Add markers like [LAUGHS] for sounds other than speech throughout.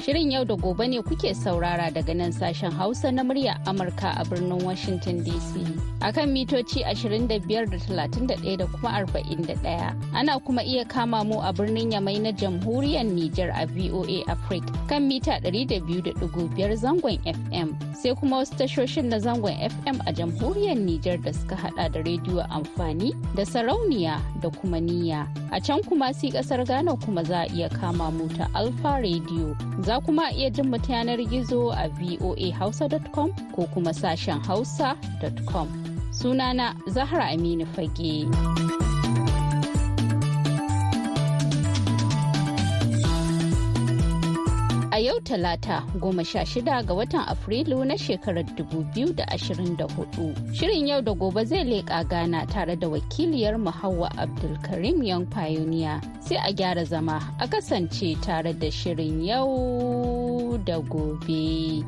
Shirin yau da gobe ne kuke saurara daga nan sashen Hausa na murya Amurka a birnin Washington DC. Akan mitoci 25 da da kuma 41. Ana kuma iya kama mu a birnin Yamai na jamhuriyar Nijar a VOA Africa kan mita 200.5 zangon FM. Sai kuma wasu tashoshin na zangon FM a jamhuriyar Nijar da suka hada da rediyo amfani da sarauniya da kuma niyya. A can kuma si kasar Ghana kuma za a iya kama mu ta Alfa Radio. Za kuma iya jin mu ta yanar gizo a voahausa.com ko kuma sashen hausa.com. Sunana Zahra Aminu Fage. a yau talata goma sha shida ga watan Afrilu na shekarar dubu biyu da da ashirin 2024. Shirin yau da gobe zai leƙa gana tare da wakiliyar Hauwa Abdulkarim Young Pioneer. Sai a gyara zama a kasance tare da shirin yau da gobe.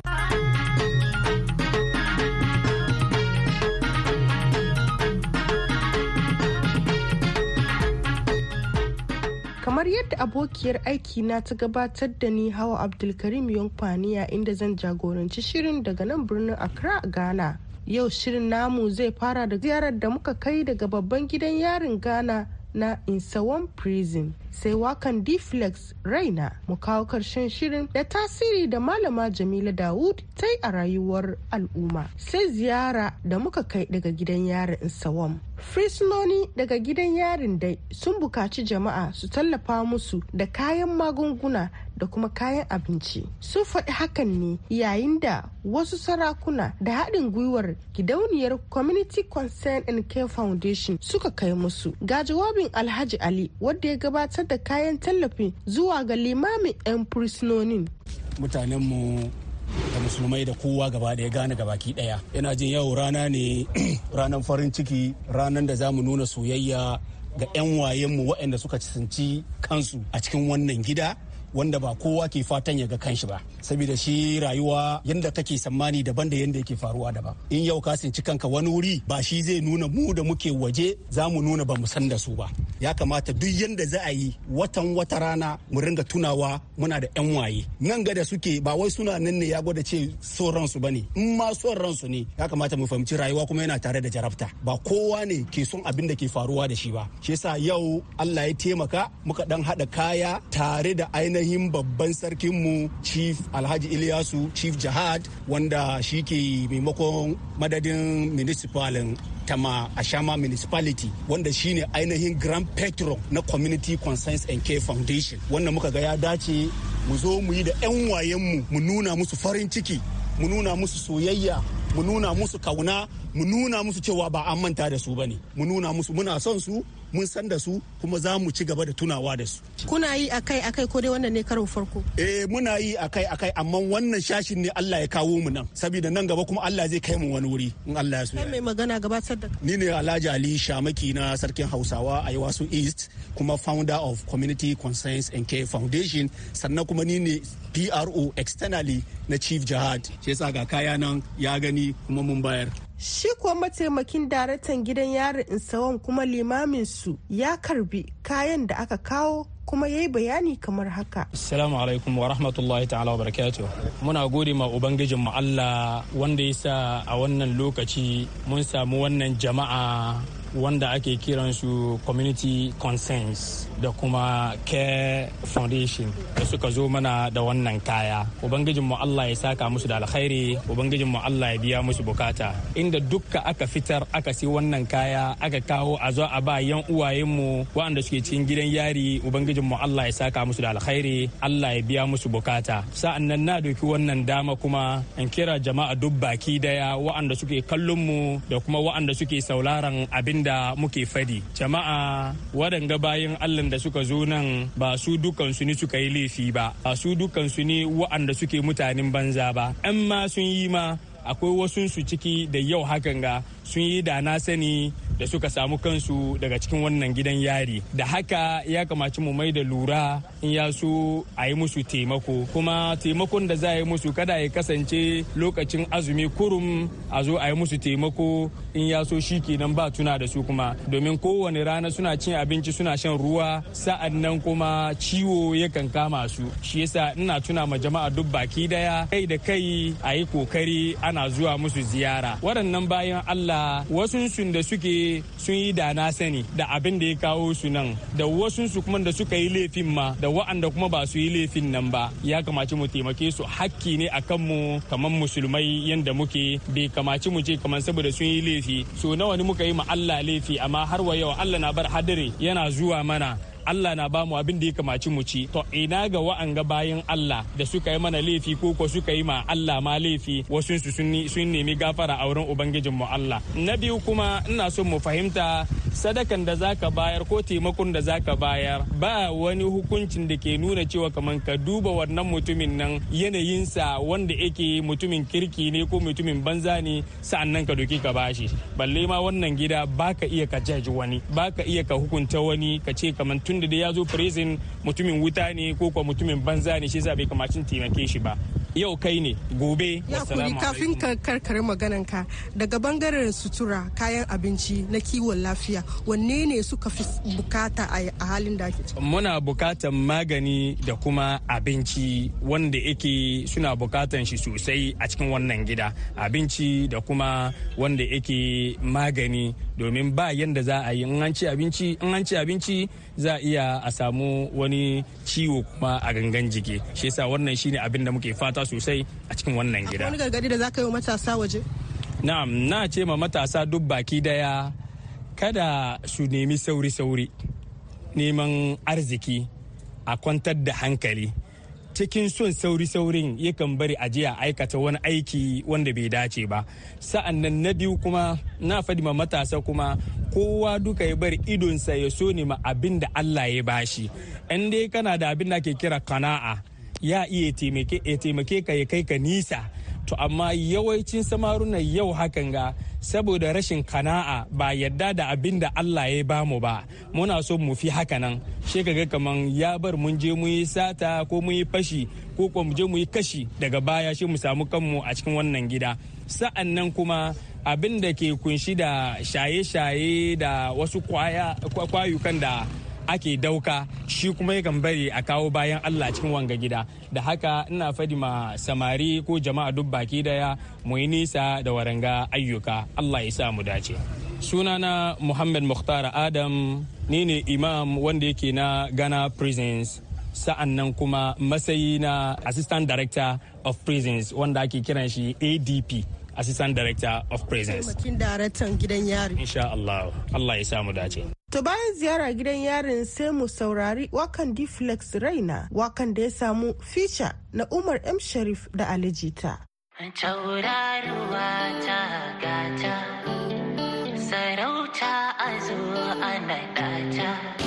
kamar yadda abokiyar aiki na ta gabatar da ni hawa abdulkarim yankwaniya inda zan jagoranci shirin daga nan birnin accra ghana yau shirin namu zai fara da ziyarar da muka kai daga babban gidan yarin ghana na insawan prison sai wakan deflex raina mu kawo karshen shirin da tasiri da malama jamila dawud ta yi a rayuwar al'umma sai ziyara da muka kai daga gidan yarin insawan frisloni daga gidan yarin dai sun bukaci jama'a su tallafa musu da kayan magunguna da kuma kayan abinci sun faɗi hakan ne yayin da wasu sarakuna da haɗin gwiwar gidauniyar community concern and care foundation suka kai musu ga jawabin alhaji ali wadda ya gabatar da kayan tallafi zuwa ga limamin 'yan frisloni. mutanenmu da musulmai da kowa gaba daya gane ga baki daya ina jin yau rana ne [CLEARS THROAT] ranar farin ciki ranan da za mu nuna soyayya ga 'yan wayenmu waɗanda suka cisinci kansu a cikin wannan gida wanda ba kowa ke fatan ya ga kanshi ba saboda shi rayuwa yanda kake tsammani daban da yanda yake faruwa daban in yau ka tsinci kanka wani wuri ba shi zai nuna mu da muke waje za mu nuna ba mu san da su ba ya kamata duk yanda za a yi watan wata rana mu ringa tunawa muna da yan waye nan ga da suke ba wai suna nan ne ya gwada ce son ransu bane in ma son ransu ne ya kamata mu fahimci rayuwa kuma yana tare da jarabta ba kowa ne ke son abin da ke faruwa da shi ba shi yasa yau Allah ya taimaka muka dan hada kaya tare da aina. ainihin babban sarkinmu chief alhaji Ilyasu chief jihad wanda shi ke maimakon madadin municipalin tama ashama municipality wanda shine ainihin grand patron na community concerns and care foundation wanda muka ga ya dace mu zo mu yi da 'yan wayenmu mu nuna musu farin ciki mu nuna musu soyayya mu nuna musu kauna mu nuna musu cewa ba an manta da su ba ne mu nuna musu muna son su mun san da su kuma za mu ci gaba da tunawa da su kuna yi akai akai ko dai wannan ne karo farko eh muna yi akai akai amma wannan shashin ne Allah ya kawo mu nan saboda nan gaba kuma Allah zai kai mu wani wuri in Allah ya so kai mai magana gabatar da ni ne Alhaji Ali Shamaki na sarkin Hausawa a Yawasu East kuma founder of Community Conscience and Care Foundation sannan kuma ni ne PRO externally na Chief Jihad shi yasa ga kaya nan ya gani yi kuma mun bayar shi kuwa mataimakin daraktan gidan yarin insawan kuma limamin su ya karbi kayan da aka kawo kuma ya yi bayani kamar haka. Assalamu alaikum wa rahmatullahi ta'ala wa barakatuh. Muna gode ma Ubangijin mu Allah wanda ya sa a wannan lokaci mun samu wannan jama'a wanda ake kiransu community consents da kuma care foundation da suka zo mana da wannan kaya ubangijin mu Allah ya saka musu da alkhairi ubangijin mu Allah ya biya musu bukata inda dukka aka fitar aka si wannan kaya aka kawo a zo a ba yan uwayenmu mu waɗanda suke cikin gidan yari ubangijin mu Allah ya saka musu da alkhairi Allah ya biya musu bukata sa'an nan na doki wannan dama kuma in kira jama'a duk baki daya waɗanda suke kallon mu da kuma waɗanda suke sauraron abinda muke fadi jama'a waɗanga bayan Allah waɗanda suka zo nan ba su dukansu ne suka yi laifi ba ba su dukansu ne waɗanda suke mutanen banza ba ɗan ma sun yi ma akwai wasu su ciki da yau hakan ga sun yi da na sani da suka samu kansu daga cikin wannan gidan yari da haka ya kamaci mu mai da lura in ya so a yi musu taimako kuma taimakon da za a yi musu kada ya kasance lokacin azumi kurum a zo a yi musu taimako in ya so shi kenan ba tuna da su kuma domin kowane rana suna cin abinci suna shan ruwa sa'an nan kuma ciwo yakan kama su shi yasa ina tuna ma jama'a duk baki daya kai da kai a yi kokari ana zuwa musu ziyara waɗannan bayan allah wasu sun da suke sun yi da na sani da abin da ya kawo su nan da wasu su kuma da suka yi laifin ma da wa'anda kuma ba su yi laifin nan ba ya kamaci mu taimake su hakki ne akan mu kamar musulmai yadda muke bai kamaci mu ce kamar saboda sun yi laifin laifi so nawa ne muka yi ma Allah laifi amma har wa yau Allah na bar hadiri yana zuwa mana Allah na bamu abin da ya kamaci mu ci to ina ga wa'anga bayan Allah da suka yi mana laifi ko ko suka yi ma Allah ma laifi wasu su sun nemi gafara a wurin ubangijin mu Allah na biyu kuma ina so mu fahimta sadakan da zaka bayar ko taimakon da zaka bayar ba wani hukuncin da ke nuna cewa kaman ka duba wannan mutumin nan yanayinsa wanda yake mutumin kirki ne ko mutumin banza ne sa'annan ka doki ka bashi balle ma wannan gida baka iya ka jaji wani baka iya ka hukunta wani ka ce kaman tun da ya zo prison mutumin wuta ne ko kuwa mutumin banza ne shi yasa bai cin taimake shi ba yau kai ne gobe ya kuri kafin ka karkare maganan ka daga bangaren sutura kayan abinci na kiwon lafiya wanne ne suka fi bukata a halin da ake muna bukatan magani da kuma abinci wanda yake suna bukatan shi sosai a cikin wannan gida abinci da kuma wanda yake magani domin ba yadda za a yi in an ci abinci za a iya a samu wani ciwo kuma a gangan jiki shi yasa wannan shine abin da muke fata sosai a cikin wannan gida wani gargadi da za ka yi wa matasa waje na'am na ce ma matasa duk baki daya kada su nemi sauri-sauri neman arziki a kwantar da hankali cikin son sauri-saurin yakan bari a jiya aikata wani aiki wanda bai dace ba sa'an nan na biyu kuma na fadima matasa kuma kowa duka ya bari idonsa ya so ma abin da allah ya bashi in dai kana da abin da ke kira kana'a ya iya taimake ka ya kai ka nisa to amma yawancin samarunan yau hakan ga saboda rashin kana'a ba yadda da abin da Allah ya ba mu ba muna so mu fi haka nan shi kaga kaman ya bar mun je mu yi sata ko mu yi fashi ko kuma mu je mu yi kashi daga baya shi mu samu kanmu a cikin wannan gida sa'an nan kuma abin da ke kunshi da shaye-shaye da wasu kwayukan da ake dauka shi kuma yakan bari a kawo bayan Allah cikin wanga gida da haka ina fadi ma samari ko jama'a duk baki daya mu yi nisa da waranga ayyuka Allah ya sa mu dace sunana Muhammad Mukhtar Adam ni ne imam wanda yake na Ghana Prisons sa'an nan kuma masayi na assistant director of prisons wanda ake kiran shi ADP assistant director of prisons mataimakin daraktan gidan yari insha Allah Allah ya samu dace To bayan ziyara gidan yarin sai mu saurari wakan Deflex Raina wakan da ya samu fica na Umar M. Sharif da Alijita. Tauraruwa ta gata, sarauta a zuwa a ta.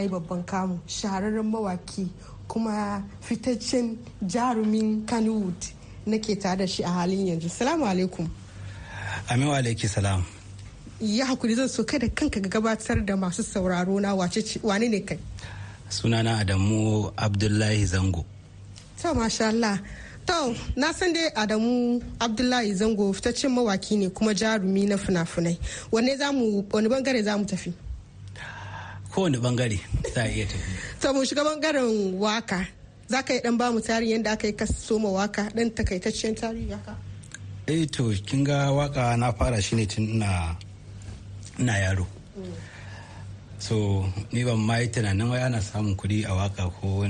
yi babban kamu shahararren mawaki kuma fitaccen jarumin na nake tare da shi a halin yanzu salamu alaikum amin wa alaiki salam ya hakuri zan so da kanka ga gabatar da masu sauraro na wane ne kai sunana adamu abdullahi zango ta masha Allah To, na san dai Adamu Abdullahi Zango fitaccen mawaki ne kuma jarumi na fina-finai. wane wani bangare za mu tafi? kowane bangare za a iya tafiya. to mu shiga bangaren waka za ka yi dan bamu tarihi yadda aka yi ka soma waka dan takaitaccen tarihi haka eh to kin ga waka na fara shi ne tun ina ina yaro so ni ban ma yi tunanin wai ana samun kuɗi a waka ko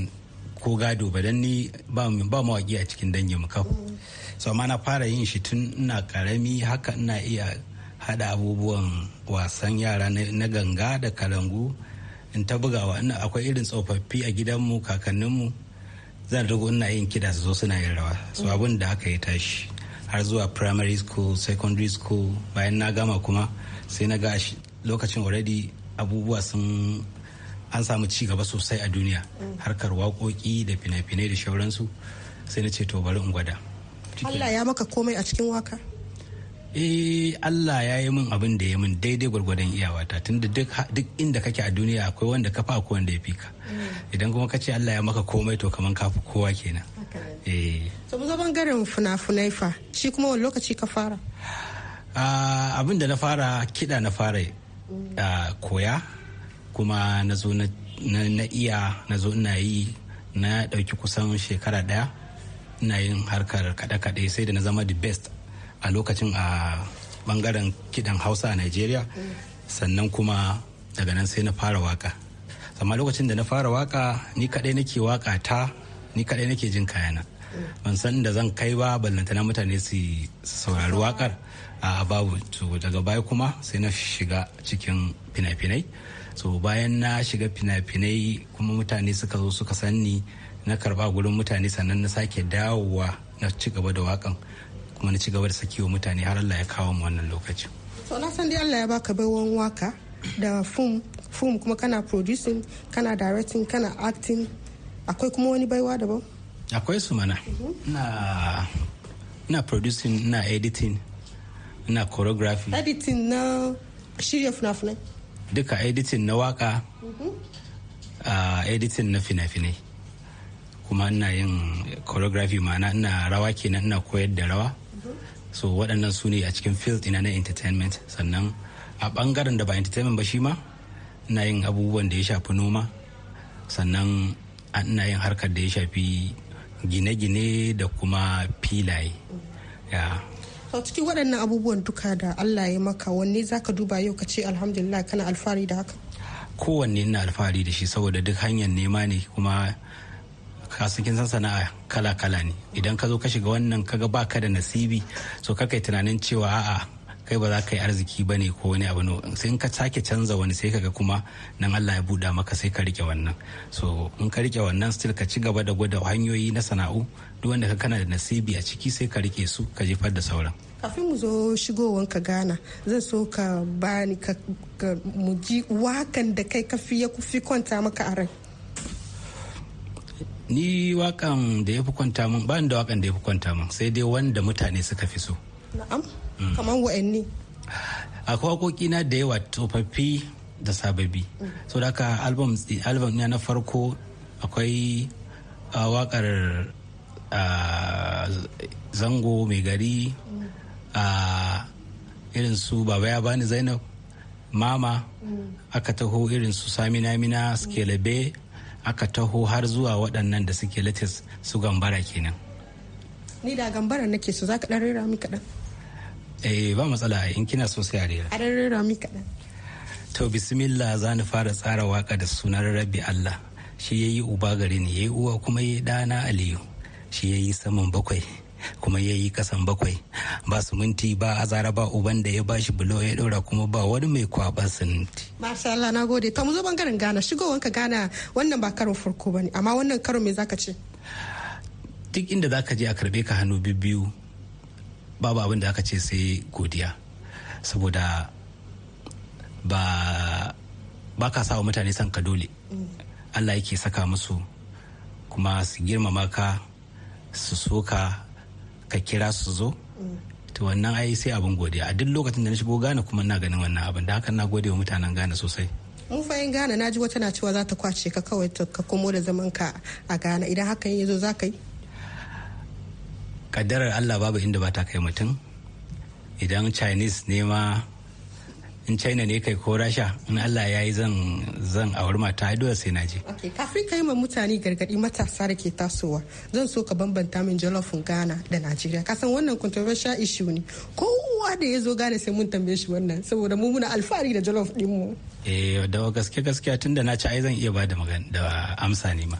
ko gado ba dan ni ba mawaƙi a cikin dangin mu so amma na fara yin shi tun ina karami haka ina iya hada abubuwan wasan yara na ganga da kalangu in ta wa ina akwai irin tsofaffi a gidanmu kakanninmu zan rigo ina yin kiɗa su zo suna yin rawa su abin da aka yi tashi har zuwa primary school secondary school bayan na gama kuma sai na ga lokacin already abubuwa sun an samu ci gaba sosai a duniya harkar waƙoƙi da fina-finai da shauransu sai na ce to bari in gwada Allah ya maka komai a cikin waka eh Allah ya yi min abin da ya min daidai gwargwadon iyawata tunda duk duk inda kake a duniya akwai wanda ka fa ko wanda ya fi ka mm. idan kuma kace Allah ya maka komai to kaman ka fi kowa kenan eh to mu zaban garin funafunai fa shi kuma wani lokaci ka fara ah, abin da na fara kiɗa na fara mm. ah, koya kuma na zo na iya na zo ina yi na ɗauki kusan shekara ɗaya ina yin harkar kaɗe-kaɗe sai da na zama the best a lokacin a bangaren kidan hausa a nigeria sannan kuma daga nan sai na fara waka amma lokacin da na fara waka ni kadai nake waka ta ni kadai nake jin kayana ban san da zan kai ba ballantana mutane su saurari wakar a babu to daga baya kuma sai na shiga cikin fina-finai so bayan na shiga fina-finai kuma mutane suka zo suka sanni na karba gurin mutane sannan na sake dawowa na ci gaba da wakan kuma na ci gaba da sakiwa mutane har Allah ya kawo mu wannan lokaci. so na san dai Allah ya baka baiwan waka da film film kuma kana producing kana directing kana acting akwai kuma wani baiwa daban akwai su mana na na producing na editing na choreography editing na shirya fina-finai duka editing na waka uh, editing na fina-finai kuma ina yin choreography ma'ana ina rawa kenan ina koyar da rawa so waɗannan su ne a cikin field ina na entertainment sannan a ɓangaren da ba entertainment ba shi ma ina yin abubuwan da ya shafi noma sannan ina yin harkar da ya shafi gine-gine da kuma filaye ya sau cikin waɗannan abubuwan duka da allah ya maka wanne za ka duba yau ka ce alhamdulillah kana alfahari da haka kowanne ina alfahari da shi saboda duk hanyar nema ne kuma kasakin san sana'a kala-kala ne idan ka zo ka shiga wannan kaga ba ka da nasibi so ka kai tunanin cewa a'a kai ba za ka yi arziki ba ne ko wani abu ne sai in ka sake canza wani sai kaga kuma nan Allah ya buɗa maka sai ka rike wannan so in ka rike wannan still ka ci gaba da gwada hanyoyi na sana'u duk wanda ka kana da nasibi a ciki sai ka rike su ka jefar da sauran kafin mu zo shigowar ka gana zan so ka bani ka mu ji wakan da kai ka fi ya fi kwanta maka a rai ni wakan da ya fi kwanta min ba da wakan da ya fi kwanta min sai dai wanda mutane suka fi so na'am mm. kamar wa'anni akwai wakoki na da yawa tsofaffi da sababi. Mm. so da album album na farko akwai wakar zango mai gari irin su baba ya bani zainab mama mm. aka taho irin su sami namina skelabe aka taho har zuwa waɗannan da suke latis su gambara kenan ni da gambara nake so za ka rera min kaɗan eh ba matsala in kina so sai a rera a ɗan rera min kaɗan to bismillah za ni fara tsara waka da sunan rabbi allah shi yayi uba gare ni ya uwa kuma ya dana aliyu shi ya saman bakwai kuma ya yi kasan bakwai ba siminti ba azara ba uban da ya bashi bulo ya ɗora kuma ba wani mai kwaɓa siminti. Masha Allah na gode ta mu zo bangaren Ghana ka Ghana wannan ba karon farko ba ne amma wannan karon me zaka ce? Duk inda zaka je a karbe ka hannu biyu babu abin da aka ce sai godiya saboda ba ba ka sawa mutane san ka dole mm. Allah yake saka musu kuma su girmama ka su soka ka kira su zo to wannan ai sai abin godiya a duk lokacin da na shigo gane kuma na ganin wannan abin da hakan na gode wa mutanen Ghana sosai mun fahimci Ghana na ji wata na cewa za ta kwace ka kawai ka komo da zaman ka a Ghana idan hakan ya zo za ka yi kaddarar Allah babu inda ba ta kai mutum idan Chinese ne ma in china ne kai ko rasha in allah ya yi zan zan auri mata haiduwa sai na je kafin ka yi ma mutane gargadi matasa da ke tasowa zan so ka bambanta min jollof ghana da najeriya kasan wannan controversial issue ne kowa da ya zo ghana sai mun tambaye shi wannan saboda mu muna alfahari da jollof din mu eh da gaske gaskiya tun da na ci ai zan iya ba magana da amsa ne ma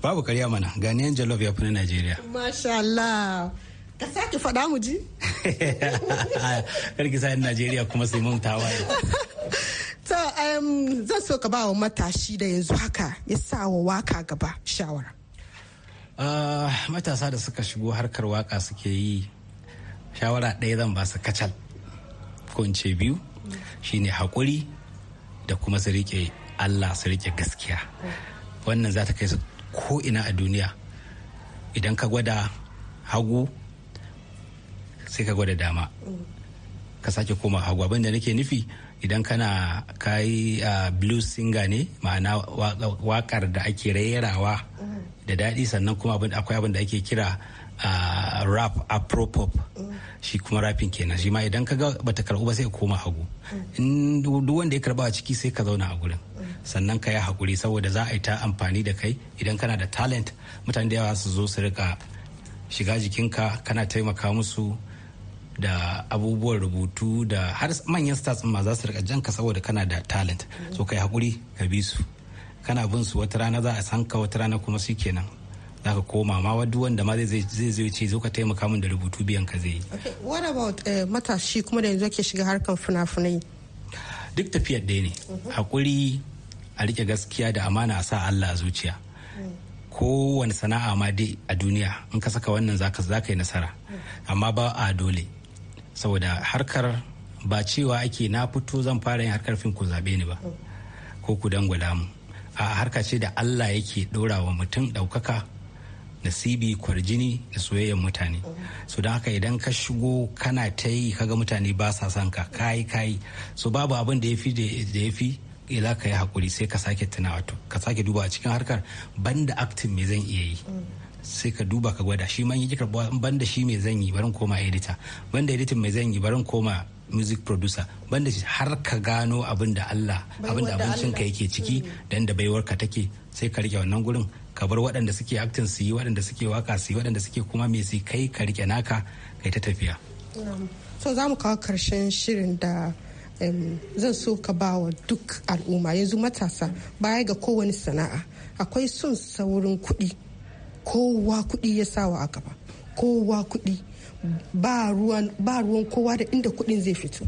babu karya mana ganiyan jollof ya fi na najeriya masha allah ka sake faɗa mu ji [LAUGHS] karki sa'in najeriya kuma sai mun tawaye so [LAUGHS] um, zan so ka ba wa matashi da yanzu haka ya sa wa waka gaba shawara ah, matasa da suka shigo harkar waka suke yi shawara ɗaya zan ba su kacal ko ce biyu shine hakuri da kuma su riƙe allah su riƙe gaskiya wannan za ta kai su ko ina a duniya idan ka gwada hagu sai ka gwada dama ka sake koma hagu abin da nake nufi idan kana kayi blues singer ne ma'ana wakar da ake rerawa da daɗi sannan kuma akwai abin da ake kira rap apropop shi kuma rapin kenan shi ma idan ka ga bata karɓu ba sai koma hagu duk wanda ya karɓa a ciki sai ka zauna a gurin sannan ka yi hakuri saboda za a yi ta amfani da kai idan kana da talent mutane da yawa su zo su rika shiga jikinka kana taimaka musu da abubuwan rubutu da har manyan stars ma za su rika ka saboda kana da talent so kai hakuri ka bi su kana bin su wata rana za a san ka wata rana kuma shi kenan za ka koma ma wadda wanda ma zai zai ce zo ka taimaka min da rubutu biyan ka zai yi. what about eh, matashi kuma da yanzu ke shiga harkan fina duk tafiyar ɗaya ne mm-hmm. hakuri a rike gaskiya da amana a sa Allah a zuciya. Mm. kowane sana'a ma dai a duniya in ka saka wannan zaka zaka yi nasara mm. amma ba a dole saboda harkar ba cewa ake na fito zan fara yin harkar fim ku zaɓe ni ba ko ku dangwala mu a harka ce da allah yake ɗora wa mutum ɗaukaka nasibi kwarjini da soyayyar mutane so don haka idan ka shigo kana ta yi kaga mutane ba sa son ka kayi kayi so babu abin da ya fi da yafi ila eh, ka yi hakuri sai ka sake tunawa to ka sake duba cikin harkar banda aktin me zan iya yi sai ka duba ka gwada shi man yi karbuwa banda shi mai zanyi barin koma editor banda editor mai zanyi barin koma music producer banda shi har ka gano abin da Allah abin da abincin ka yake ciki mm. da inda baiwar ka take sai ka rike wannan gurin ka bar waɗanda suke acting su yi waɗanda suke waka su yi waɗanda suke kuma me su kai ka rike naka kai ta tafiya so za mu kawo karshen shirin da zan so ka ba wa duk al'umma yanzu matasa baya ga kowane sana'a akwai son saurin kuɗi kowa kuɗi ya sawa a gaba kowa kuɗi ba ruwan kowa da inda kuɗin zai fito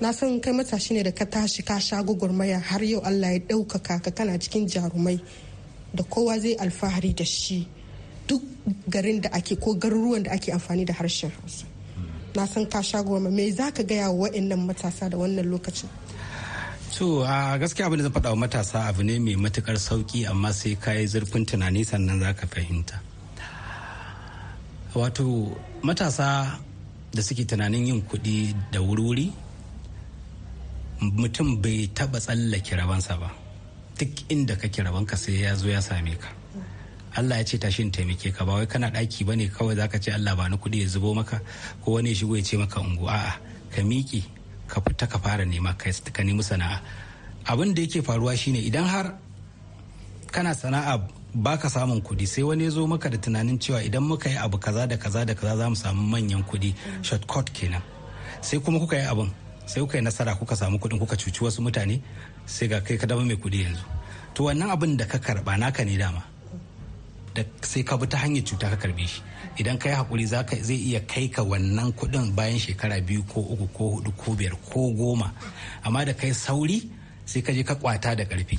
na san kai matashi ne da ka tashi ka sha gwagwarmaya har yau allah ya ɗaukaka ka kana cikin jarumai da kowa zai alfahari da shi duk garin da ake ko garuruwan da ake amfani da harshen hausa na san ka sha gwagwarmaya me za ka gaya wa waɗannan matasa da wannan lokacin to a gaskiya abin da zan faɗa wa matasa abu ne mai matukar sauki amma sai ka yi zurfin tunani sannan za ka fahimta wato matasa da suke tunanin yin kuɗi da wuri-wuri mutum bai taɓa tsallake rabansa ba duk inda kake rabanka sai ya zo ya same ka Allah ya ce tashin taimake ka ba wai kana ɗaki ba ne kawai za ka ce Allah ba ni kuɗi ya zubo maka ko wani shigo ya ce maka ungu a'a ka miƙe ka fita ka fara nema ka nemi sana'a abin da yake faruwa shine idan har kana sana'a baka samun kuɗi sai wani ya zo maka da tunanin cewa idan muka yi abu kaza da kaza da kaza za mu samu manyan kuɗi shortcut kenan sai kuma kuka yi abin sai kuka yi nasara kuka samu kuɗin kuka cuci wasu mutane sai ga kai ka dama mai kuɗi yanzu to wannan abin da ka karba naka ne dama da sai ka bi ta hanyar cuta ka karbe shi idan ka yi hakuri zai iya kai ka wannan kuɗin bayan shekara biyu ko uku ko hudu ko biyar ko goma amma da kai sauri sai ka je ka kwata da ƙarfi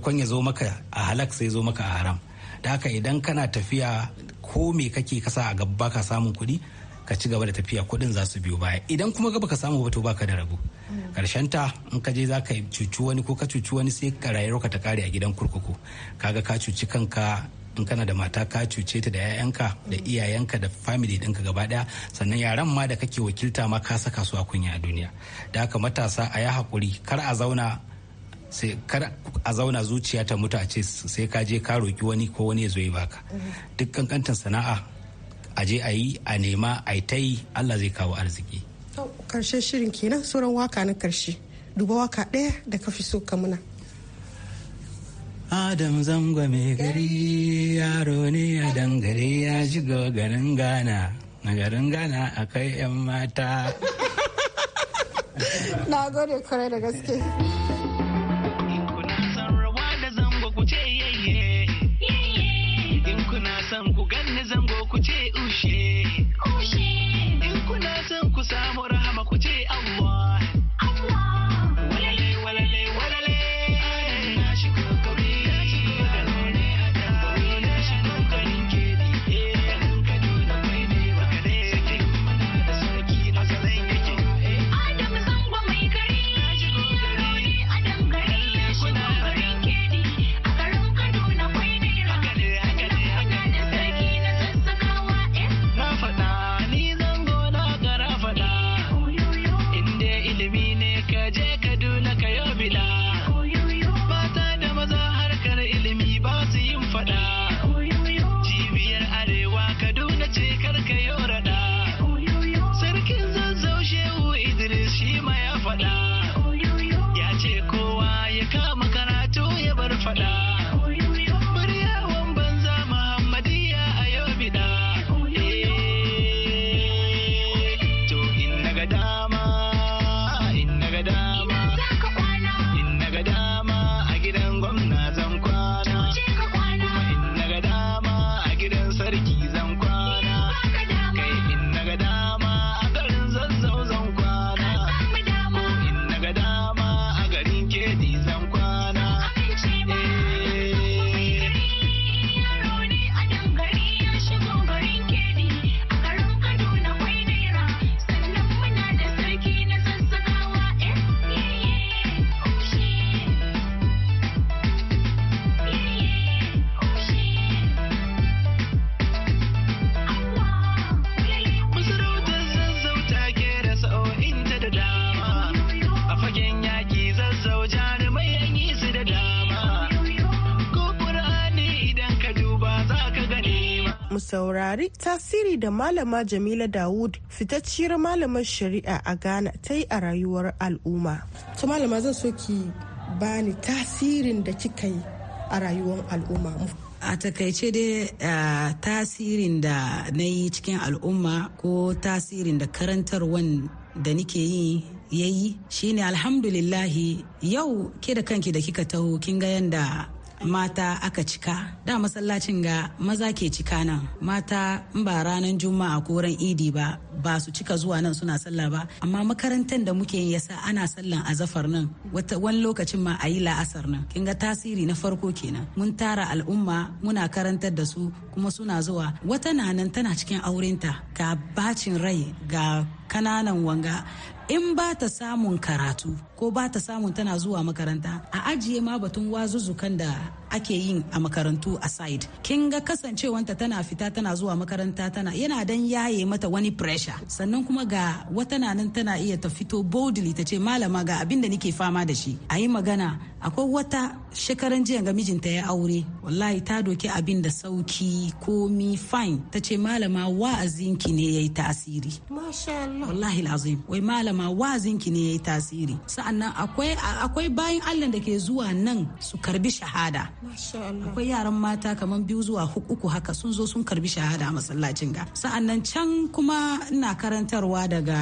kwan ya zo maka a halak sai zo maka a haram da haka idan kana tafiya ko me kake kasa a gaba ka samun kuɗi ka ci gaba da tafiya kuɗin za su biyo baya idan kuma gaba ka samu ba to baka da rabu karshen ta in ka je za ka cuci wani ko ka cuci wani sai ka rayuwar ka ta kare a gidan kurkuku kaga ka cuci kanka in kana da mata ka cuce ta da 'ya'yanka da iyayenka da family ɗinka gaba ɗaya sannan yaran ma da kake wakilta ma ka saka su a kunya a duniya da haka matasa a yi haƙuri kar a zauna sai kar a zauna zuciya ta mutu a ce sai ka je ka roki wani ko wani ya zo baka duk kankantan sana'a a je a yi a nema a yi ta yi allah zai kawo arziki karshen shirin kenan sauran waka na karshe duba waka ɗaya da ka fi so ka muna Adam zango mai gari yaro ne a dangare ya shiga garin Ghana. Na garin Ghana akai 'yan mata. [LAUGHS] Na gode kwarai da gaske. son ku ganni zan saurari tasiri da malama Jamila Dawud fitacciyar malamar shari'a a Ghana ta yi a rayuwar al'umma. To malama zan so ki bani tasirin da kika yi a rayuwar al'umma. A takaice dai tasirin da na yi cikin al'umma ko tasirin da karantarwan da nike yi yayi yi shine alhamdulillahi yau ke da kanki da kika taho kin ga yanda mata aka cika da masallacin ga maza ke cika nan mata in ba ranar juma'a ko ran idi ba ba su cika zuwa nan suna sallah ba amma makarantar da muke yin yasa ana sallan azafar nan wata wani lokacin ma a yi la'asar nan kin ga tasiri na farko kenan mun tara al'umma muna karantar da su kuma suna zuwa wata na nan tana cikin aurenta ga bacin rai ga kananan wanga in ba ta samun karatu ko ba ta samun tana zuwa makaranta a ajiye ma batun wazuzzukan da ake yin a makarantu a side kin ga kasancewanta tana fita tana zuwa makaranta tana yana dan yaye mata wani pressure sannan kuma ga wata nan tana iya ta fito boldly ta ce malama ga abin da nake fama da shi a yi magana akwai wata shekaran jiya ga mijinta ya aure wallahi ta doki abin da sauki komi fine ta ce malama wa'azinki ne yayi tasiri wallahi wai malama ma wazin ki ne ya yi tasiri sa'annan akwai akwai bayan Allah da ke zuwa nan su karbi shahada akwai yaran mata kamar biyu zuwa uku haka sun zo sun karbi shahada a masallacin ga sa'annan can kuma ina karantarwa daga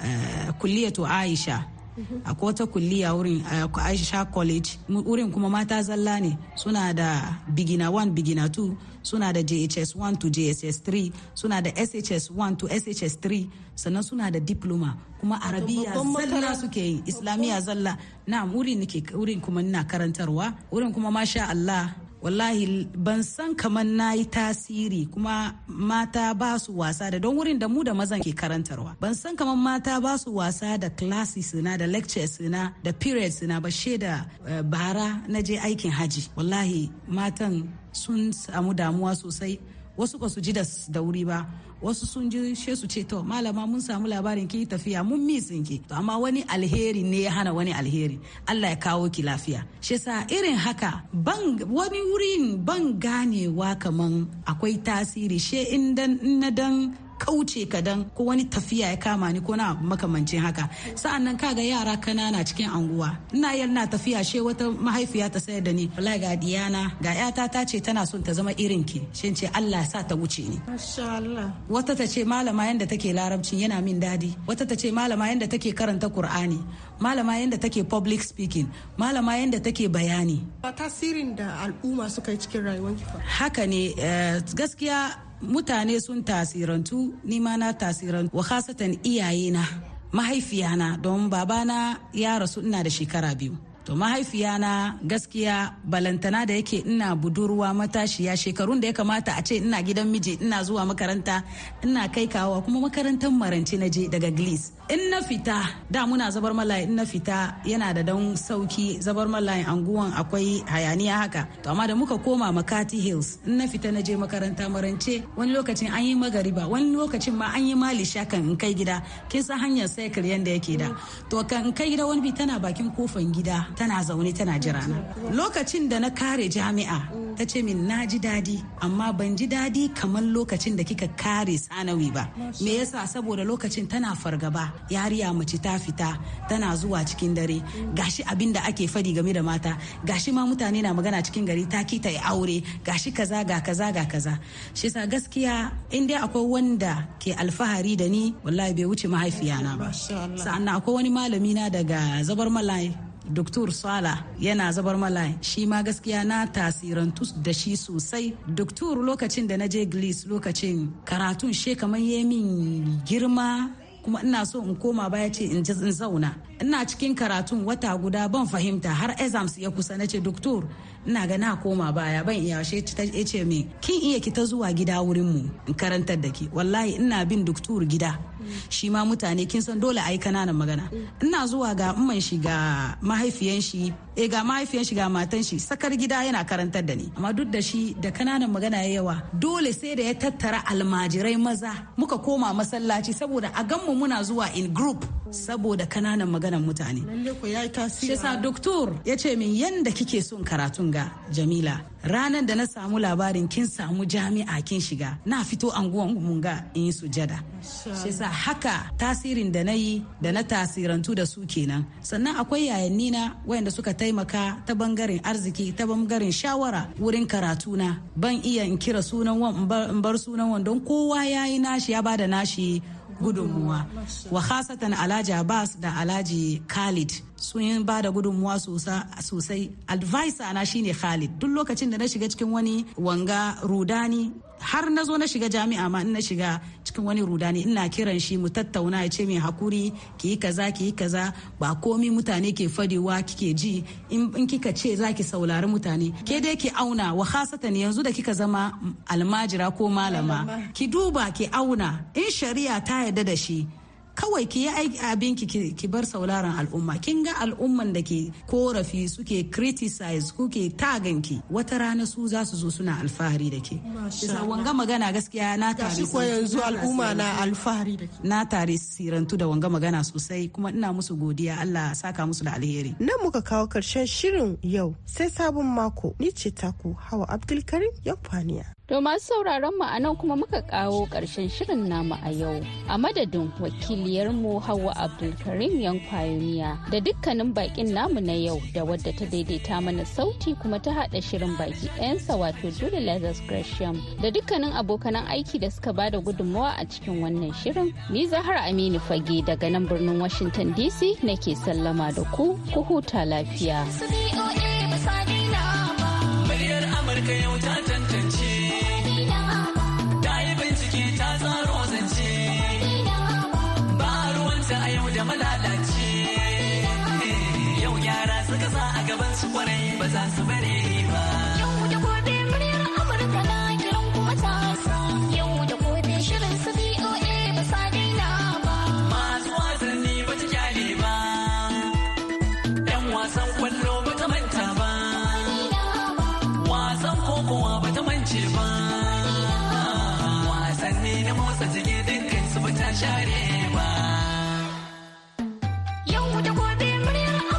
eh, kulliyatu Aisha a wata kulliya wurin a aisha college wurin kuma mata zalla ne suna da bigina 1 bigina 2 suna da jhs 1 to jss 3 suna da shs 1 to shs 3 sannan suna da diploma kuma arabiya zalla suke yi islamiyya zalla na wurin kuma ina karantarwa wurin kuma masha allah wallahi ban san kamar na yi tasiri kuma mata ba su wasa da don wurin da mu da mazan ke karantarwa ban san kamar mata ba su wasa da classes na da lectures na da periods na ba da eh, bara na je aikin haji wallahi matan sun samu damuwa sosai wasu ba su ji da wuri ba wasu sun ji she su ce to malama mun samu labarin ki tafiya mun sun ki to amma wani alheri ne ya hana wani alheri Allah ya kawo ki lafiya shi sa irin haka ban wani wurin ban ganewa kaman akwai tasiri she in na dan kauce ka dan ko wani tafiya ya kama ni ko na makamancin haka sa'an nan kaga yara kanana cikin anguwa ina yar na tafiya she wata mahaifiya ta sayar da ni wallahi ga diyana ga yata ta ce tana son ta zama irin ki shin ce Allah sa ta wuce ni masha Allah wata ta ce malama yanda take larabcin yana min dadi wata ta ce malama yanda take karanta Qur'ani malama yanda take public speaking malama yanda take bayani tasirin da al'umma suka yi cikin rayuwar haka ne eh, gaskiya mutane sun tasirantu nima na tasirantu wa kasatan iyayena mahaifiyana don babana ya rasu ina da shekara biyu to mahaifiyana gaskiya balantana da yake ina budurwa matashiya shekarun da ya kamata a ce ina gidan miji ina zuwa makaranta ina kai kawa kuma makarantar marance na je daga glis in na fita da muna zabar malayin in na fita yana da dan sauki zabar malayin anguwan akwai hayaniya haka to amma da muka koma makati hills in na fita na je makaranta marance wani lokacin an yi magariba wani lokacin ma an yi mali shakan in kai gida kin san hanyar cycle yanda yake da to kan kai gida wani bi tana bakin kofan gida tana zaune tana jira na lokacin da na kare jami'a ta ce min na ji daɗi amma ban ji daɗi kamar lokacin da kika kare sanawi ba me yasa saboda lokacin tana fargaba yariya mace ta fita tana zuwa cikin dare gashi abin da ake fadi game da mata gashi ma mutane na magana cikin gari ta kita ya aure gashi kaza ga kaza ga kaza shi sa gaskiya in dai akwai wanda ke alfahari da ni wallahi bai wuce mahaifiyana ba sa'annan akwai wani malami na daga zabar malai Dr. Sala yana zabar mala shi ma gaskiya na tasirantu da shi sosai. Dr. lokacin da na je gilis lokacin karatun she kamar min girma kuma ina so in koma baya ce in zauna ina cikin karatun wata guda ban fahimta har exams ya kusa na ce doktor ina ga na koma baya ban iya she ta ce me kin iya ki ta zuwa gida wurin mu in karantar da ki wallahi ina bin doktor gida shi ma mutane kin san dole ai kananan magana ina zuwa ga umman shi ga mahaifiyan shi eh ga mahaifiyan shi ga matan shi sakar gida yana karantar da ni amma duk da shi da kananan magana ya yawa dole sai da ya tattara almajirai maza muka koma masallaci saboda a ganmu muna zuwa in group saboda kananan maganan mutane lalle shi sa doktor ya ce min yanda kike son karatun ga Jamila ranar da na samu labarin kin samu jami'a kin shiga na fito anguwan munga in yi sujada shi sa haka tasirin da na yi da na tasirantu da su kenan sannan akwai yayanni na wayanda suka taimaka ta bangaren arziki ta bangaren shawara wurin karatu na ban iya in kira sunan wan in bar sunan wan don kowa ya yi nashi ya bada nashi gudunmuwa wa khasatan alhaji abbas da alhaji khalid sun ba da gudunmuwa sosai advisor na shine khalid duk lokacin da na shiga cikin wani wanga rudani har na zo na shiga jami'a ma in na shiga cikin wani rudani ina kiran shi mu tattauna ya ce mai hakuri ki yi kaza ki yi kaza ba komi mutane ke fadewa kike ji in kika ce za ki saulari mutane ke dai ki auna wa ne yanzu da kika zama almajira ko malama ki duba ki auna in shari'a ta yarda da shi kawai ki yi abin ki ki bar sauraron al'umma kin ga al'umman da ke korafi suke criticize kuke taganki wata rana su za su zo suna alfahari da ke wanga magana gaskiya na tare yanzu al'umma na alfahari da ke na tare sirantu da wanga magana sosai kuma ina musu godiya Allah saka musu da alheri nan muka kawo karshen shirin yau sai sabon mako ni ce taku hawa abdulkarim yau faniya To masu sauraron mu a nan kuma muka kawo ƙarshen shirin namu a yau. A madadin wakiliyarmu Hauwa Abdulkarim yan kwayoniya da dukkanin bakin namu na yau da wadda ta daidaita mana sauti kuma ta haɗa shirin baki ɗayansa wato Julie Lazarus Gresham da dukkanin abokanan aiki da suka bada gudummawa a cikin wannan shirin. Ni Zahra Aminu Fage daga nan birnin Washington DC nake sallama da ku ku huta lafiya. Muryar Amurka gaban su kwarai ba za